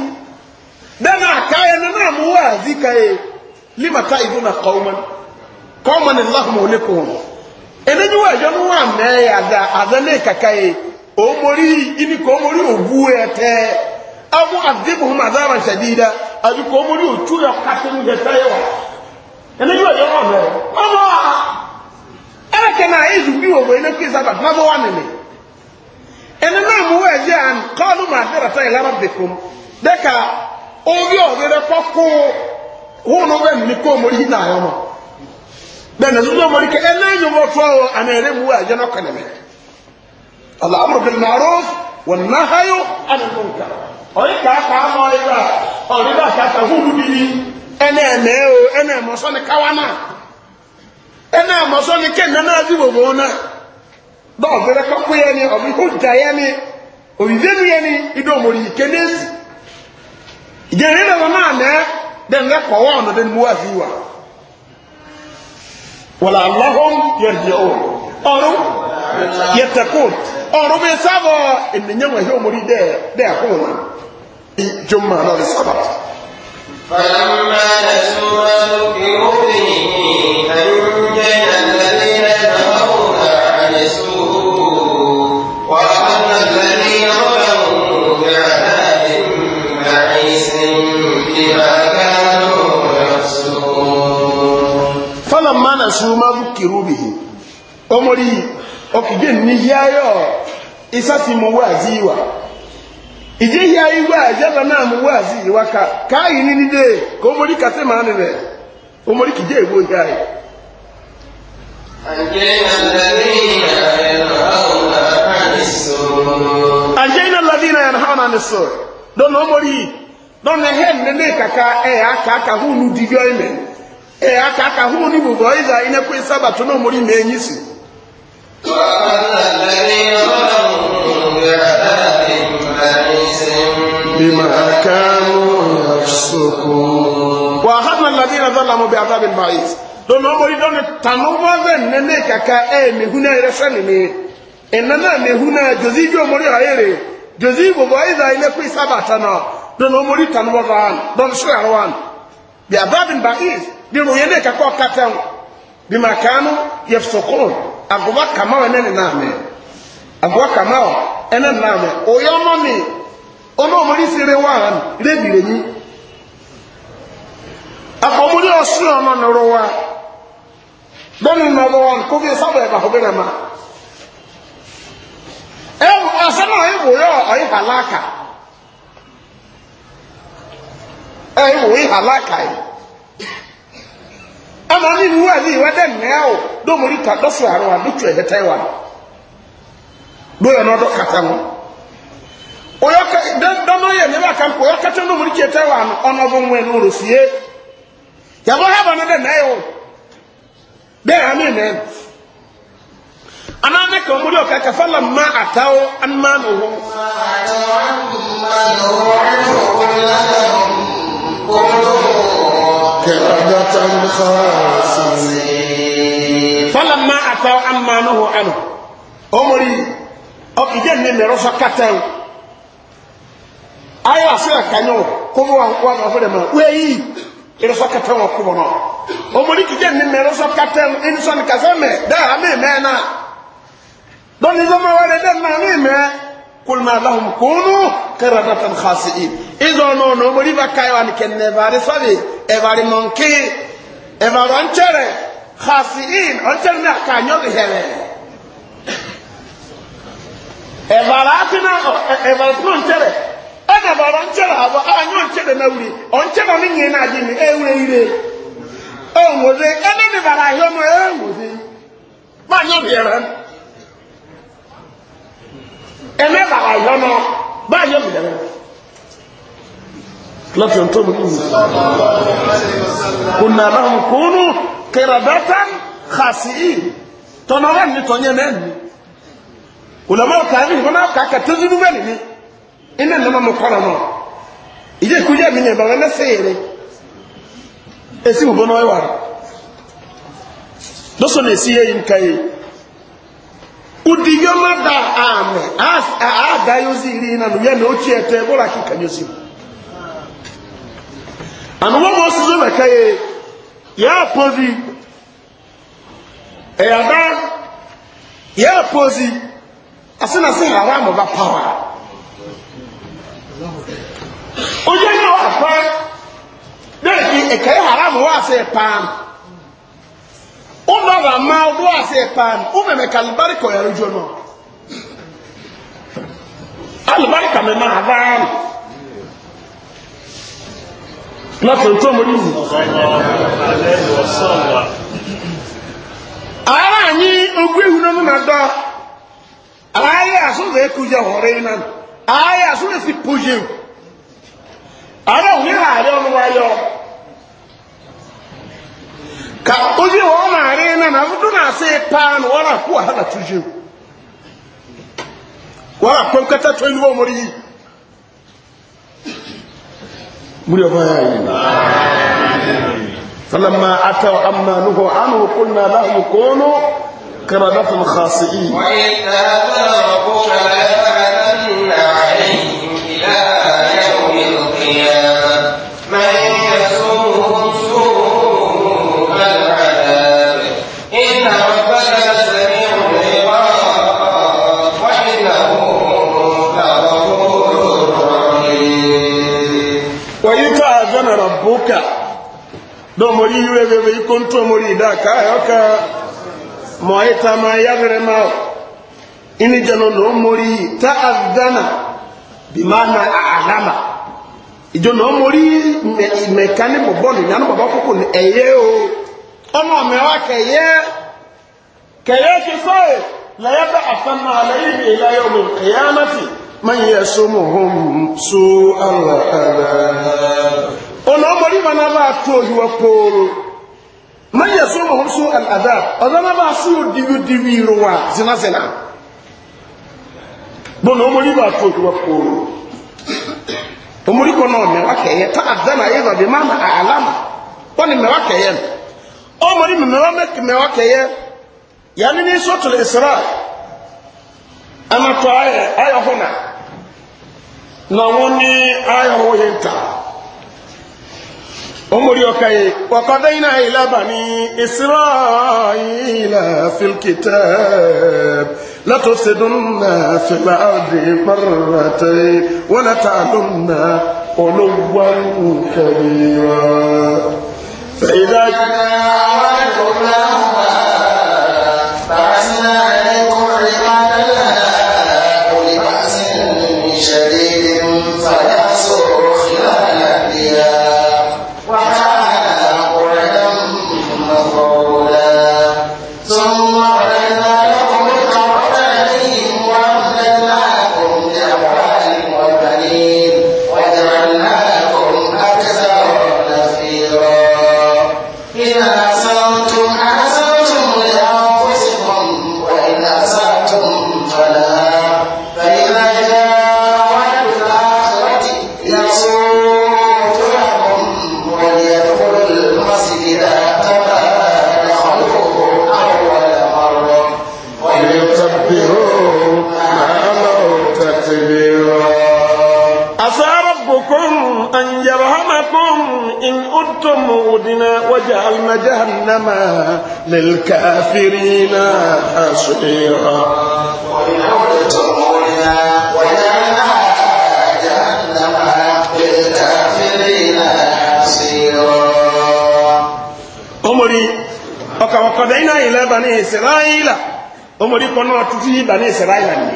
bẹ́ẹ̀ náà ká ẹnì náà mú wá àzí káyé lima taibuna qauman qauman allah mulikuhum enenyu wa jonu wa me ada adane kakaye o mori ini ko mori obu ete amu adibuhum adaban shadida aju ko mori otu ya katinu de tayewa enenyu wa jonu me mama ere kana ezu bi wo we neki sabat na bo wanene enena mu wa je an qalu ma dirata ila rabbikum deka obi ogere poku wọn no bẹẹ mi kọ ọmọ yìí náà yọ mọ bẹẹ na zuzu ọmọ yìí kẹ ẹ lẹyìn ọmọ tó ọ àná ẹrẹ mu wà yẹn ọkọ nìyẹn alamọ bẹẹ nàárọ wọn nàháyọ àná ló ń kà ọyẹ kà á kà á mọ ẹ bá ọyẹ bá kà á kà húhu bí ni ẹnẹ ẹmẹ o ẹnẹ ẹmọ ni káwa náà ẹnẹ ẹmọ ni kẹ nana bí wò wọn náà báwo bẹrẹ kọkọ yẹn ni ọbí kó jà yẹn ni den ga ko wono den mu afiwa wala allahum yarji'un ọrùn yẹtẹkùn ọrùn bí sábọ ènìyàn wọ̀ ẹ̀hẹ́ omori dẹ́ dẹ́ ẹ̀kùn wọn ní jọmọ náà ní sábà. fàlámà ẹ̀sùn wọn kì í nasu ma zukiru bihi omori okige nihia hiayo isasi mu wazi wa ije hiayo wa jaba na mu wazi wa ka kai ni ni de ko omori ka se ma ni re omori kije ewo hiayo anjena alladhina yanhauna anis na don omori don ehem ne ne kaka e aka aka hunu divyo imen ee aka aka hụ n'ibu bụ ịza inekwe sabatụ n'omori ma enyi si وأخذنا الذين ظلموا بعذاب بعيد دون أمري دون تنوفا نني كاكا إيه مهنا يرسل مي إننا مهنا جزي جو أمري غيري جزي بوائزا إلى كوي سبعتنا دون أمري تنوفا دون شوي عروان بعذاب بعيد diro yende ka ko katan bima kanu yafsukun agwa kama wa nene name agwa kama wa ene name oyomo mi ono mori sire wa han rebire ni akomuri osu ono noro wa na lo ko bi sabo e ba na ma e halaka halaka ama ni mu azi wa dɛ mɛa o do mo rita dɔ so aro a do tso ɛhɛtɛ wa do e yɛ n'ɔdɔ kata ŋo oyɔ kɛ dɛ dɔnɔ yɛ ne ba kan ko oyɔ kɛtɛ do mo rita ɛtɛ wa no ɔnɔ bɔ ŋoɛ n'oro fie yabɔ ha ba ne dɛ mɛa o dɛ ami mɛ ana ne kan mo de o ka kafa la ma ata o an ma no ho. ma ata o an ma no ho an ma no ho. كرامة خاصين فلما أتوا عما نهوا عنه أمري أو إذا من رفع كتاو أيوة سيرة كانوا كم وانا فرما ويهي رفع كتاو كمنا أمري إذا من رفع كتاو إنسان كزمة ده أمي منا دون إذا ما ورد ما أمي منا kulna lahum kunu qiradatan khasi'in izo no no mori ba kai wan ken ne bare sabe ebali monki ebali onchere khasiin onchere ne akanyobihere ebali atina ebali tuna onchere ena bali onchere abo anyo onchere nawuli onchere ne nyina ajini ewuleire onwoze ene ne bali ahiomo ewoze manyobihere ene bali ahiomo manyobihere láti ọ̀n tó mú ní kùnà láhùn kúrú kẹrẹ̀dátán kàṣíì tọ́nà wà ní tọ́nyẹ mẹ́rin olùmọ́ kàrí ìwọ́n náà kàkà tó dúdú bẹ́ẹ̀ ni iná nínú mú kọ́ra náà ìdí ìkú jẹ́ mi ní ìbọn ẹ̀lẹ́ sí èrè èsì ìbọn náà wà lọ́sọ̀ ní èsì yẹ́yìn káyé udiyọ́mọ́dà àmì àádáyọ́sí ìrìnà nìyẹn ní ó tiẹ̀ tẹ́ bọ́lá kíkà yóò sí i àmì wọ́n mọ́ sísọ mẹ́kẹ́ yẹ yẹ́ àpọ́sí ẹ̀yà bá yẹ́ àpọ́sí asínàsí ìhàrá àmọ̀bá pàwà ojú ẹ̀yà wà pa bẹ́ẹ̀ kí ẹ̀kẹ́ ìhàrá àmọ̀ wà sí ẹ̀pá ó bá wà má ọdún wà sí ẹ̀pá ó mẹ̀mẹ̀ kàlùbáríkọ̀ ẹ̀rọ jọ náà alùbáríkà mẹ́mà àbáyé láti ọjọ́ mọ́rí wù. ara anyị ogwu ewu na nna dọ ahịa asụsụ ekuje họrọ ịna ahịa asụsụ esi pụje ara onye ha arịa ọnụ wayọ ka ozi ha ọ na-arị ịna na azụtụ na-asị paa na ọ na-akwụ ha na tụje wọ́n àpọ̀ nkẹta tó ẹni wọ́n mọ̀rí yìí مريو فلما أتوا عما نهوا عنه قلنا لهم كونوا كردة خاسئين domori iwe bebe ikontu omori da ka yoka moita ma yagre ma ini jano no omori ta'addana bimana a'lama ijo no omori mekani mo boni nanu baba koko ni eye o ona me wa ke ye ke ye ke so e, la yaba afanna alayhi ila yawm al man yasumuhum su'a al-adab ono omori mana ba to yiwa poro man yaso ma hursu al adab odana ba diwi diwi ruwa zina zina bono omori ba to yiwa poro omori ko no ta adana yiwa bi mana alama wani me wakeye omori na أمري أكي وقضينا إلى بني إسرائيل في الكتاب لتفسدن في الأرض مرتين ولتعلن علوا كبيرا فإذا جاء للكافرين حصيرا ọkà ọkọ̀dẹ̀ iná ilẹ̀ bani ìsìláìlà omori kọ náà tutu yìí bani ìsìláìlà ni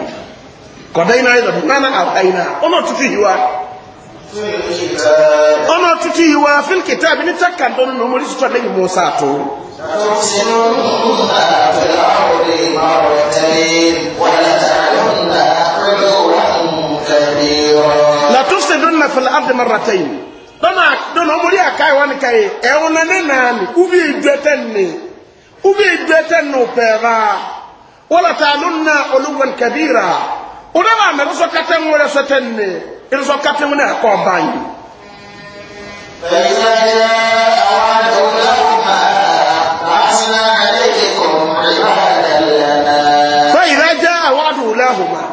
kọ̀dẹ̀ iná ilẹ̀ bọ̀ nánà àbá iná ọ̀nà tutu yìí wa ọ̀nà tutu yìí wa fílkìtà bí ní tẹ́kà dọ́nù ní omori sọ́tọ̀ lẹ́yìn tó لتفسدن في الأرض مرتين ولتعلن علوا كبيرا لتفسدن في الأرض مرتين dɔnna dɔnna ɔmo de aka yi wani ka yi ɛwọn na ne naani ubi eduete ne ubi eduete ne pɛɛba wala taa lon na olu wani kabira o de b'a mɛ ɛrisɔ kata ŋo ɛrisɔ tɛ ne ɛrisɔ kata ŋo ne akɔ ban ye. bɛɛ yɛrɛ awa dɔw la. huma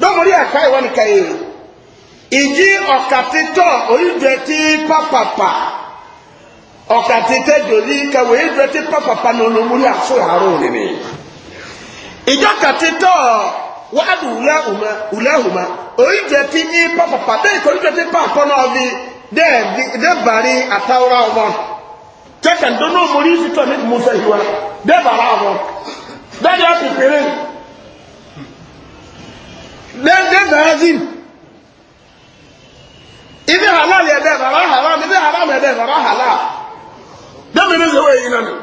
dɔmɔri aka yi wani ka yi ìdí ɔkatitɔ oyidɔɛti papapa ɔkatitɛ doli ka wo oyidɔɛti papapa n'olomori aso haro nimi ìdí ɔkatitɔ wadu wula huma wula huma oyidɔɛti ni papapa bɛyi ka oyidɔɛti papapa n'ɔbi dɛ dɛ bari atawura wɔn tɛkɛ ndono omori sitɔ ne musa yi wa dɛ bara wɔn dɛ yɛ pipiri. dẹ́ndé bẹ̀rẹ̀zìn ibi halal yẹ dẹ́ bàbá halal ibi haram yẹ dẹ́ bàbá halal dẹ́mìnì zẹ̀wé yìí nànú.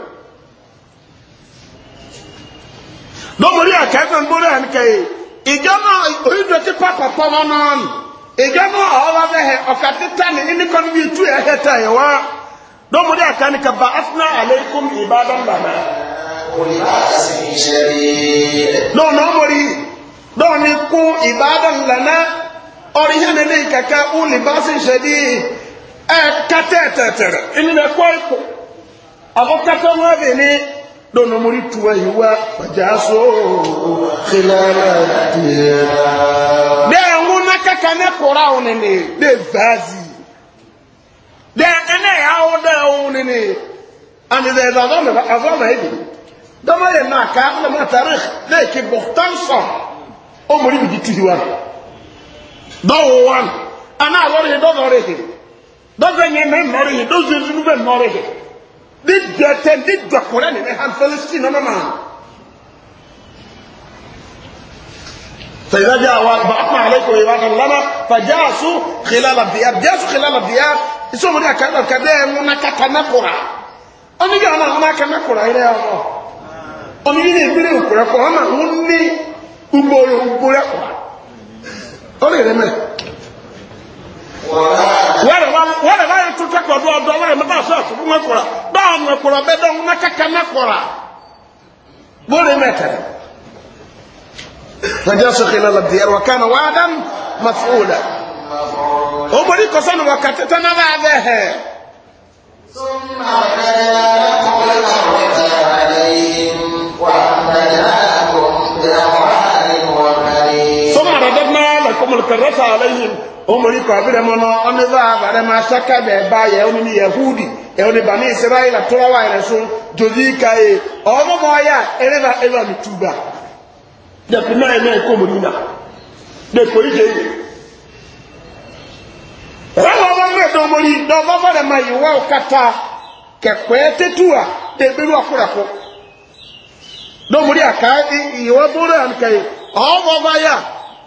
lọ́mọdé àkẹ́kọ̀ọ́ ń gbọ́dọ̀ a kẹ́yì ìjọ náà onídùú ti pápá pọ́nmọ́ náà nù ìjọ náà ọ̀ọ́lá bẹ́hẹ̀ ọ̀kà títà ní nìkan bí tú ẹ̀ hẹ́ tà yẹ wá lọ́mọdé àkẹ́ni kẹ́ ba afúnà aleikum ìbádọ́n bàbá. lọ́nà ọmọdé yìí. dɔɔni ku ibadan lana ɔri hɛn ne kaka uli baasi nsɛdi ɛ e kata tɛtɛrɛ ɛni na kɔ ɛkɔ afɔ kata wa bi ni dɔnɔmori tuwa yi wa fajaso xilala tiɛ. ne ye ŋun na kaka ne kɔra aw ni ne de vaazi de ɛnɛ y'aw da aw ni ne ani de ɛzɔ azɔ na ɛbi dɔmɔ ye ó mọ̀rí mi títí wa dọ́wọ́ wa aná àlọ́rẹ̀ yìí dọ́dọ̀rẹ̀ yìí dọ́dọ̀ yìí mẹ́ nọ́rẹ̀ yìí dọ́dọ̀ yìí bẹ́ nọ́rẹ̀ yìí ní dẹ̀tẹ̀ ní dọ̀kùnrin ní mẹ́hàn fẹ́lẹ́sì nọ́nà náà. فإذا جاء بعثنا عليكم عبادا لنا فجاسوا خلال الديار جاسوا خلال الديار يسوم لنا كذا كذا هناك كنكرة أنا جاء هناك كنكرة إلى الله أنا يجي يقول لك أنا هني ugboro ugboro ẹkọ ọ lè rẹ mẹ. wọ́n lè báyìí tuntun ẹkọ ọdún ọdún mẹ́ta ọ̀sẹ̀ ọ̀sẹ̀ fún ẹkọ báwọn ọmọ ẹkọ bẹ́ẹ̀ dọ́n wọn kẹ́kẹ́ mẹ́kọ rà bóde mẹ́tẹ̀rẹ̀. nàìjíríà sọ̀kè lọ́la diẹ wà kánà wà á dán mafúlà. ọmọdé kọsán wà kàtẹ́tẹ́ náà bá a bẹ́ẹ̀ hẹ́. lọ́sà aláìhìn omori kọ̀bílẹ̀ mọ́nà ọ́nẹ́fà àbàrẹ̀ máa ṣáká bẹ̀ bá yẹ ọ́nà ni yahudi ẹ̀hún ìbà ní ìsẹ́ráìlà tọ́láwà rẹ̀ sún jòdì káyé e, ọmọmọ ọyà ẹ̀rẹ́fà ẹ̀rọ mi túbà dẹ̀kun náà ẹ̀mẹ́ ẹ̀kọ́ mọ̀ nínà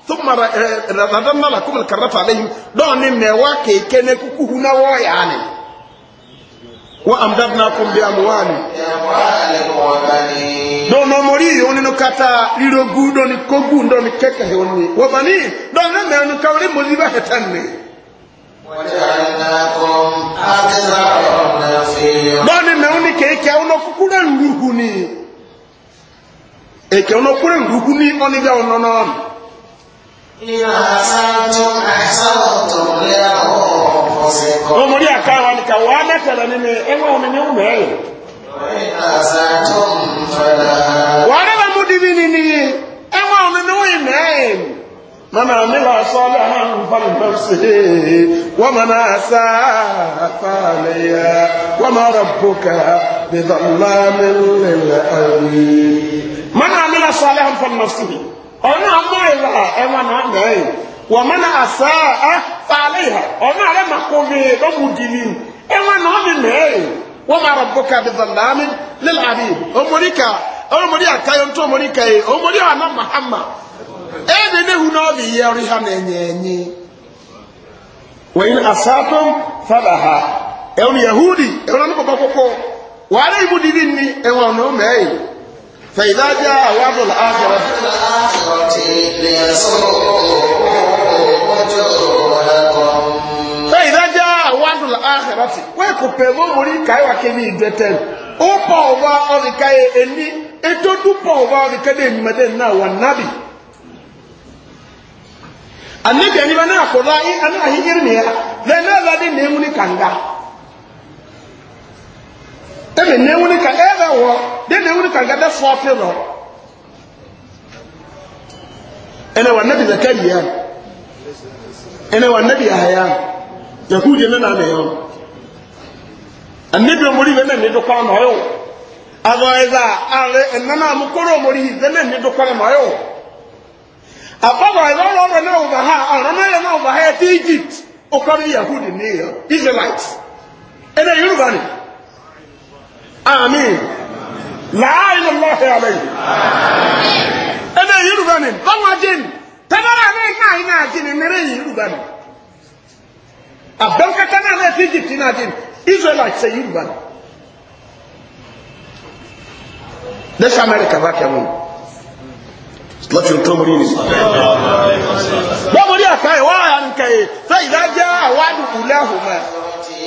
ثم رددنا لكم الكرة عليهم دون مواكي كان كوكو نوا يعني وأمددناكم بأموال دون مري ونن كاتا ليروغو دون كوغو دون كيكه وني وبني دون من كوري مزيبه تنني وجعلناكم أكثر نفيرا دون من كيكه ونكوكو دون غوغوني eke onokure ngugu ni oniga ononon Omori aka wa nika wa anatara nime ewa omini ume eyo. Wàrẹ́wà mú dìbí nìní ewa omini ume eyo. Mana amila sọ́lá ń fàmì bẹ́sì wọ́n mana asá fàlẹ́yà wọ́n ma rọ̀bùkà bìdọ̀lámi lè lẹ́yìn. Mana amila sọ́lá ń fàmì bẹ́sì. ọ̀nà àmọ́ ìlà ẹwà náà mẹ́rin wọ́n mọ́ náà àṣà ẹ́ fàálẹ̀ ìhà ọ̀nà àrẹ máa kó mi lọ́mù dìní ẹwà náà mi mẹ́rin wọ́n máa rọ̀bọ̀ kàbí zàlámì lílà àbí ọmọdéka ọmọdé àkáyọ̀ tó ọmọdéka yìí ọmọdé àná mahama ẹ̀ẹ́dẹ̀ ní náà ha nà ẹ̀yẹ̀ ẹ̀yẹ̀ wọ́n yìí àṣà tó فإذا جاء وعد الآخرة فإذا جاء وعد الآخرة ويكوبيبو موري كايوا كيني دتن او باوبا اوري كاي اني اتودو باوبا اوري كاي اني مدن نا والنبي النبي اني بنا اخدا انا هي ارميا لا لا لا دي نيموني كانغا ebe na enwere ka ebe wọ de na enwere ka gada fọ fịrọ ene wa ya zakariya yahudi ne na meyo annabi omori ne ne do yo azoiza ale na amukoro omori ne ne do kwa no yo ababa ilo ro ha ro ne na uba ha ti egypt yahudi yoruba آمين لعائل الله عليه أنا يرغن بما جن تبرع لي ناي ناجن نري يرغن أبدو كتنا ما في جبت ناجن إزولايت سيرغن ليش أمريكا ذاك يا مون láti ọ̀tọ́ mọ̀rí ní bọ́mọ̀rí àkáyẹ̀wọ́ àyànkẹ̀yẹ̀ fẹ́ ìdájẹ́ àwádùn ìlẹ́ ọ̀hùnmẹ́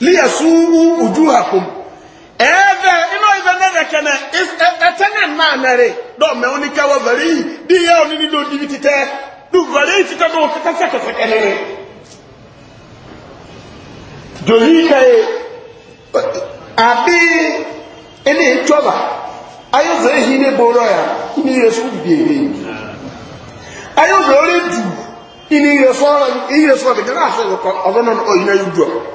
liyasuwu ujuhakum ebe ino ibe nere kene e, etene na nere do me oni kawo di ya oni ni do dibitite du bari tita do tita seke seke abi ele choba ayo ze hi ne boro ya ni yesu bi ebe ayo boro du ini yesu ara ini yesu abi na ase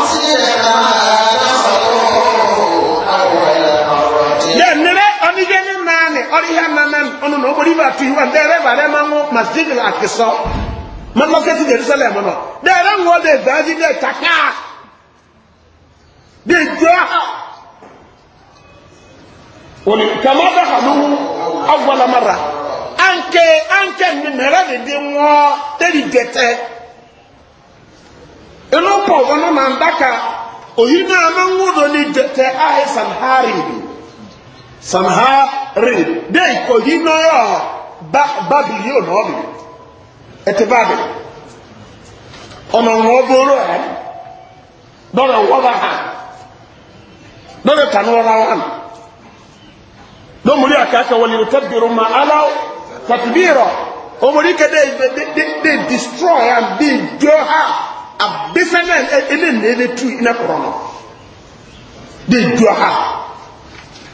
ọmọdé ní nane ọdíhẹ nanan ọmọ náà ọmọdé bá tu ìwà ndẹrẹ bá dẹ máa ń wọ masjidil akisọ mọlọkẹsì jerusalem nọ dẹrẹ ń dị taka anke anke di wọ tẹri gẹtẹ inú pọ̀ wọn náà ndaka òyìn náà máa ń sanhari de ìkòyí náà bábìlì yóò náà bìlì ẹtì bábìlì ọ̀nà wọn bóró ẹ̀ lọ́rọ̀ wọ́bà hàn lọ́rọ̀ tànú ọ̀rọ̀ wọn lọ́mùrí àkàkà wọlé tẹ́bìrì ma aláwọ̀ tàbíbìrọ̀ omùrí kẹ́dẹ́ ìgbẹ́ destroy and be jọ ha àbísẹ́nẹ̀ eléyìí lè tu iná kọ̀rọ̀ náà dé jọ ha.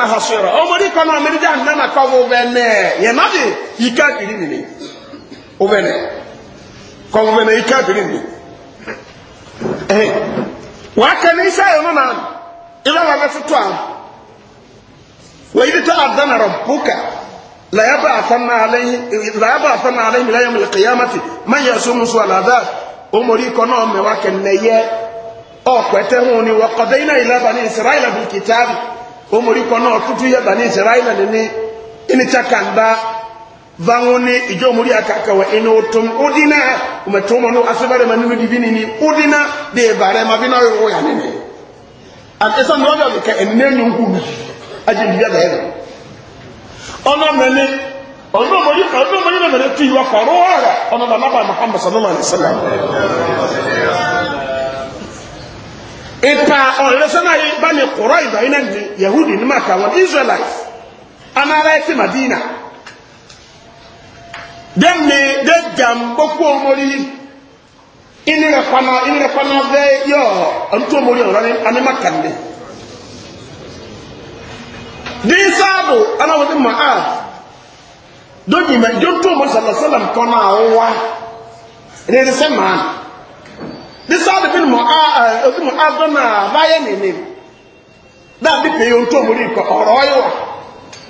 jahannama hasira omori kono miri jahannama ko wo bene ye madi ikafiri ni o bene ko wo bene ikafiri ni eh wa kanisa yono na ila wa gatwa wa idh ta'adana rabbuka la yab'athanna alayhi la yab'athanna alayhi ila yawm al-qiyamati man yasumu su'a al-adab omori kono me wa keneye ọ̀pẹ̀tẹ̀ hun ni wọ́kọ̀dẹ́ iná ìlàbà ní ìsìráìlà bí kìtàbí Omori náà tutu yɛ bani israɛla nini inikyakanda vanwo ni ìjọ omori akaka wɔ ɛni wotom odina umetoma no asebare ma ninu dibi nini odina de ebare ma bi na yɔ wɔya nini akesa na ɔyɔ kɛ ɛnene nyɔnku mi agye ndibi ada yɛlɛ ɔno mɛni ɔno omori ɔno omori na mɛni tu yi wa kɔrɔ wɔra ɔno na naba muhammad sallallahu alaihi wa sallam. ipa ọ̀rẹ́sẹ́nà yìí bá ní kọ̀rọ̀ ìdá yahudi ndị maka wọn israelite anára madina dẹ́mi dẹ́gàm gbogbo omori inirẹ̀kwana inirẹ̀kwana bẹ́ yọ ọ̀ntú omori ọ̀rọ̀ ní maka ní dísáàbù aláwọ̀dé ma'á dókìmẹ̀ jóntú omori sàlọ̀sálàm kọ́nà àwọn wa rẹ̀ sẹ́màá sáàdì bí mọ̀ adọ́nà báyẹ̀ nìní dáàbí pé yóò tó mórí nǹkan ọ̀rọ̀ ọ̀yọ̀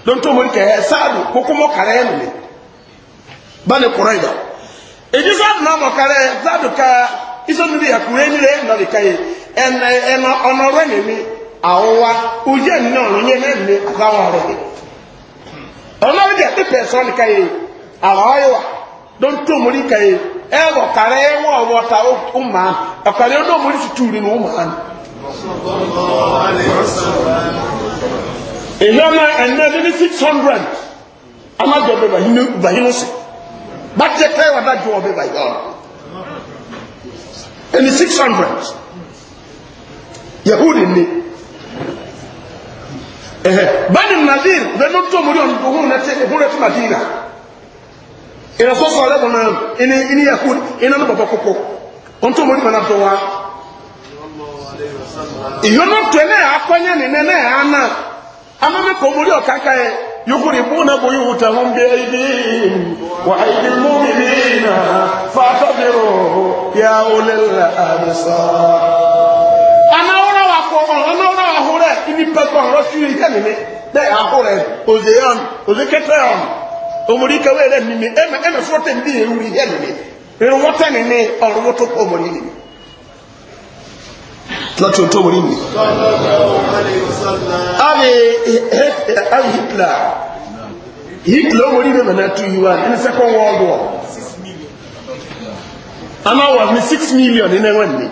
ló ń tó mórí kẹ̀ sáàdì kókó mọ́ kàrẹ́ ẹ̀ nìní bá ní kúrọ̀ ìdá èyí sáàdì náà mọ̀ kàrẹ́ sáàdì ká isọ́nù bí ẹ̀kúrẹ́ nílẹ̀ ẹ̀ nọ̀rì káyé ẹ̀nà ọ̀nà ọ̀rẹ́ nìní àwọ̀wá ojú ẹ̀ nínú ọ̀rọ̀ yẹn nìní àtàwọn ọ̀rẹ́ don to muri kai e wo kare e wo wo ta o umma e kare no muri suturi no umma an e yana another 600 ama do be ba hinu ba hinu se ba te kai wa da jo be ba yo and 600 yahudi ni eh bani nadir be no to muri on do hu na te hu na te madina ina so so lebo na ini ini ya kuni ina no baba koko onto mo na to wa iyo no to na ni ana ama me e, bi wa mu'minina ya ulil ana ora wa ko ana ora wa hore pe ko ro shi ni de ahore omori kawe rẹ mímí ẹmẹ ẹmẹ fúrọtẹ ní ewúri yẹ mímí irunwọtẹ nínú ọrùn wọtọ pọ omori mímí lọtọ tó omori mímí. ayi ayi hitler hitler omori mímí náà tu yiwa ní second world war ama wà ní six million nínú ẹwọn ni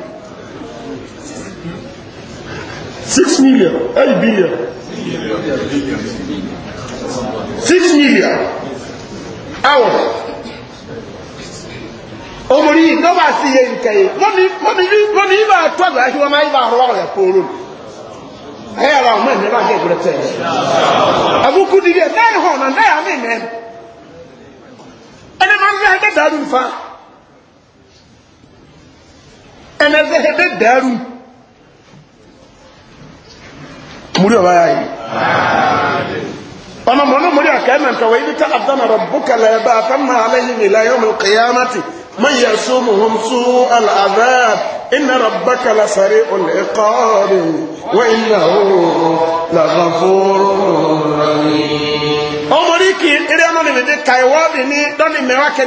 six million eight billion six million ẹwọ omori yi ndọba si ye nka ye lọni iba ato agba ahi wọn ma iba arọ ọrọ ẹkọọrọ ẹyẹ ara ọmọ ẹni ẹba jẹ ẹgbẹrẹ tẹ ẹ abuku didi ẹ náà ihọ náà náà mi nẹ ẹni máa ń fẹ ẹdẹ dàrú nfa ẹni fẹ ẹdẹ dàrú múri ọba yá yìí ọmọ mọ̀nà mọ̀rí àkẹ́mẹ̀ nǹkan wọ́n ibi tá àdánà rẹ̀ búkà lẹ́ẹ̀bá afẹ́mà aláìhìn ilá yọmọ kìyàmátì mọ́ yẹ súnmù hùn sú alàdá iná rẹ̀ bákà lásàrí olèkọ́ rẹ̀ wọ́n iná òòrùn làbà fóró rẹ̀. ọmọ rí kí eré ọmọ nìyẹn di ní dọ́ni mẹ́wàá kẹ́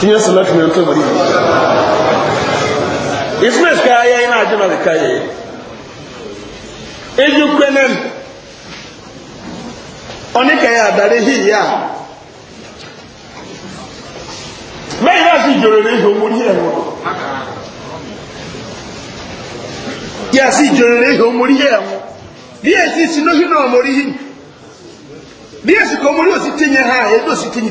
tinye na otu obodo igbo ismes ka ya ị na-ajụ na dịka ya ịjụ ka ya adara ihe ya mee ya si jụrụ n'ihi ihe ụwa ya si jụrụ n'ihi ụmụ ihe ụwa ihe si si n'ohi na ọmụrụ ihe ihe si ka ọmụrụ osi tinye ha ahụ ego si tinye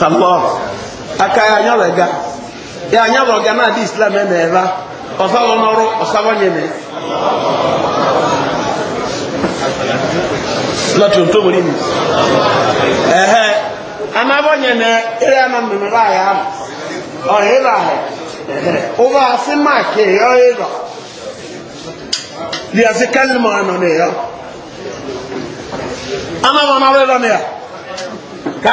allah aka ya nyaloga ya nyaloga na di islam na eba ọsabọ n'ọrụ ọsabọ nyeme láti ohun tó wọlé mi ẹhẹ anabọ nyeme eré ana mmemme ayé ahụ ahụ ụgbọ asị maakị ya na ya anabọ n'ọrụ na ya ka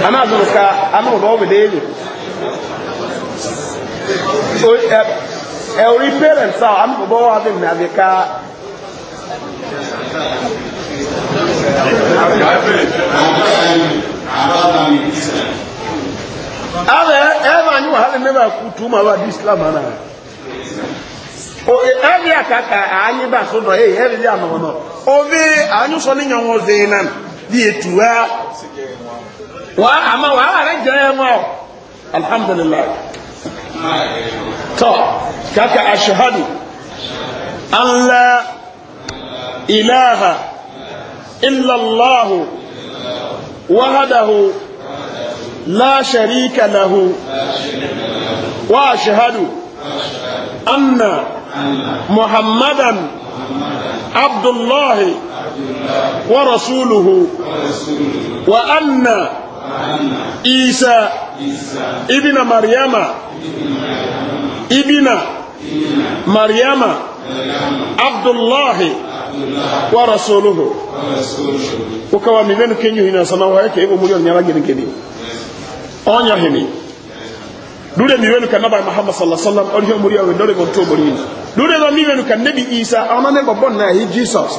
ama zoro ka ama ọba ọbẹ dẹ o ẹ e, ẹ e, ori parents a ama ọba ọba ọbẹ na bi ka. Aba ma nyi wàhálà ní bá kutu ma ebe a ka ka anyị ba anyi bá so dọ̀ eyi ẹbi di anọ̀ nọ̀. Ovi anyusọ ni nyọ̀wọ̀ zẹ̀ nan bi etu ha. وأعمى وأعرج يا معه الحمد لله طب كاك أشهد أن لا إله إلا الله وحده لا شريك له وأشهد أن محمدا عبد الله ورسوله وأن isa Ibina Mariama Ibina Mariama abdullahi wa rasuluhu ukawa mimenu kenyu hina sana yake hivyo mulio nyarangeni kedi onya hini dure miwenu ka naba muhammad sallallahu alaihi wasallam olio mulio wendole mtu mulini dure ba miwenu ka nabi isa amane babon na hi jesus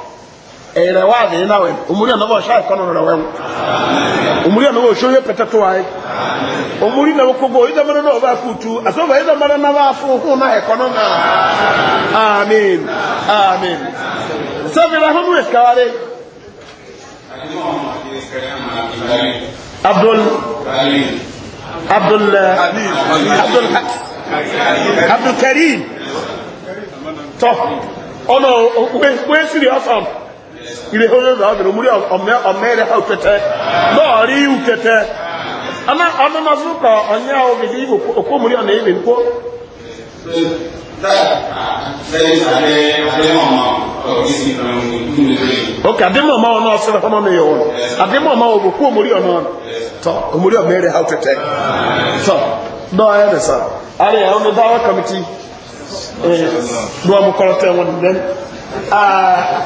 ɛyɛrɛ waa de na wɛn omuri anabɔ ɔhyɛ akɔnɔ rɛ wɛn omuri anabɔ ɔhyɛ yɛ pɛtɛ to ayɛ omuri na okogo oyidamana na ɔba kutu asɔba oyidamana na ba afo ho na ɛkɔnɔ na amen amen sɛbira ho no esikawari. abdul abdul abdul abdul karim tɔ ɔnà wɛsiri ɔsàn ire hono da da muri omme omme re ha tete do ri u tete ama ama mazuka onya o bi di ko ko muri ona ibe ko ok adimu ọma ọna ọsẹrẹ ọma mi yẹ wọn adimu ọma ọbọ kú omori ọna ọna tọ omori ọma ẹrẹ ha tẹtẹ tọ dọọ ẹ nìsa ara ẹ ọmọ dáwọ kàmìtì ẹ ní wọn kọrọ tẹ wọn nìyẹn aa.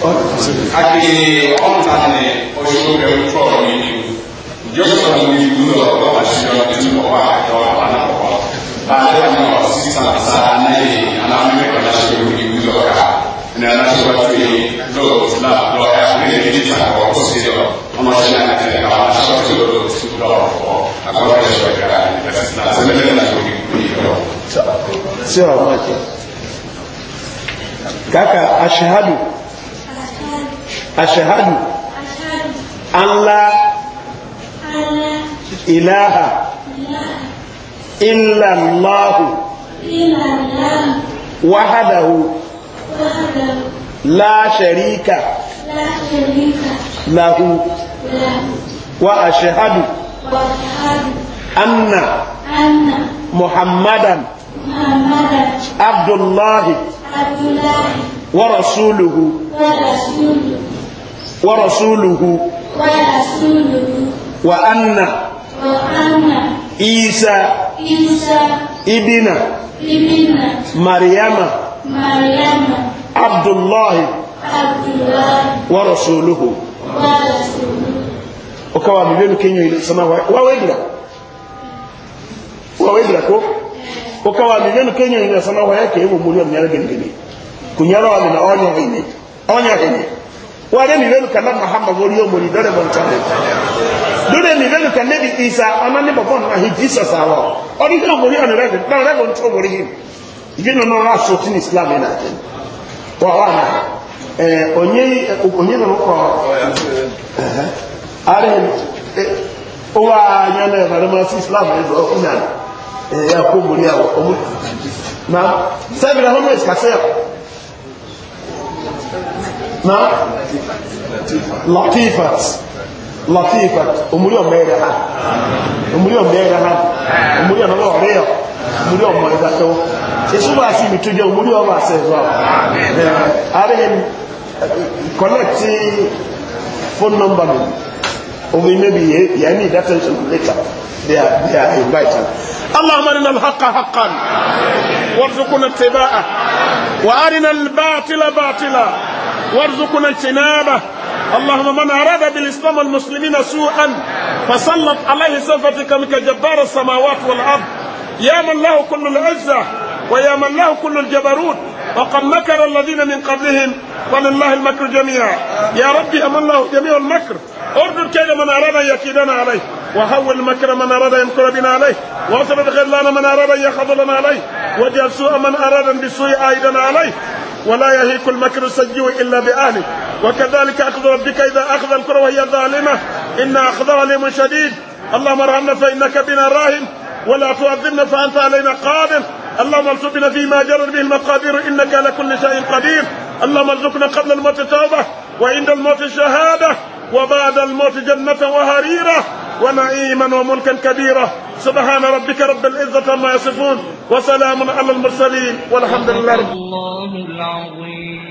Ake ọ̀tá ni oṣù ẹ̀rú tó ọ̀rọ̀ mi ni ìjọba tó ń bí ìlú lọ bá wà sí ọ̀rọ̀ tí wọ́n wà àjọ àwọn àkọ́kọ́. Báyọ̀ ní ọ̀ sísá sá náírà aláwọ̀ ẹ̀kọ́ náà ṣe ìlú ìlú lọ ká. Ní aláṣẹ wá fi lọ fúlà lọ ẹ̀ fún ilé ní ìjà àkọ́ tó ṣe lọ. Ọmọ ṣe náà ti rẹ̀ àwọn aṣọ tó lọ lọ fọ́ àkọ́kọ́ ẹ̀ṣọ́ ìgbà ìgbà sí ọmọ jẹ kaka aṣahadu أشهد أن لا إله إلا الله وحده لا شريك له وأشهد أن محمدا عبد الله ورسوله ورسوله وأن عيسى ابن مريم عبد الله ورسوله ukawa milioni kenyo ilisema wawedra wawedra ko ukawa milioni kenyo ilisema wayake hivyo mulio mnyara gendini kunyara wali na onyo hini onyo hini wale milenu kana mahamba waliyo muli dole montane dole milenu kana bi isa amane babon na hijisa sawa odi na muri ana rede na rede onto muri him igino no na so tin islam ina wa wana eh onye onye no ko eh, are eh, o wa nyana na ma si islam e do ina eh ya ko muri awo na sabira hono iskaseo na latifat latifat omuri ọmọ ẹrẹ ha omuri ọmọ ẹrẹ ha omuri ọmọ ọrẹ ọ omuri ọmọ ẹgbàtọ èso bá sí ìmìtò jẹ omuri ọmọ àṣẹ ẹzọ àríyìn kọlẹtì fóònù nọmba mi they are they are invited. اللهم ارنا الحق حقا وارزقنا اتباعه وارنا الباطل باطلا وارزقنا اجتنابه اللهم من أراد بالإسلام والمسلمين سوءا فسلط عليه صفتك منك جبار السماوات والأرض يا من له كل العزة ويا من له كل الجبروت وقد مكر الذين من قبلهم ولله المكر جميعا يا ربي أمن له جميع المكر ارد كيد من أراد أن يكيدنا عليه وهول المكر من أراد أن يمكر بنا عليه واثبت غير لنا من أراد أن يخذلنا عليه واجعل سوء من أراد بالسوء عائدا عليه ولا يهيك المكر السجوي إلا بأهله وكذلك أخذ ربك إذا أخذ القرى وهي ظالمة إن أخذ عليم شديد اللهم ارحمنا فإنك بنا راهن ولا تؤذنا فأنت علينا قادر اللهم ارزقنا فيما جرت به المقادير إنك على كل شيء قدير اللهم ارزقنا قبل الموت توبة وعند الموت شهادة وبعد الموت جنة وهريرة ونعيما وملكا كبيرا سبحان ربك رب العزة عما يصفون وسلام على المرسلين والحمد لله رب العظيم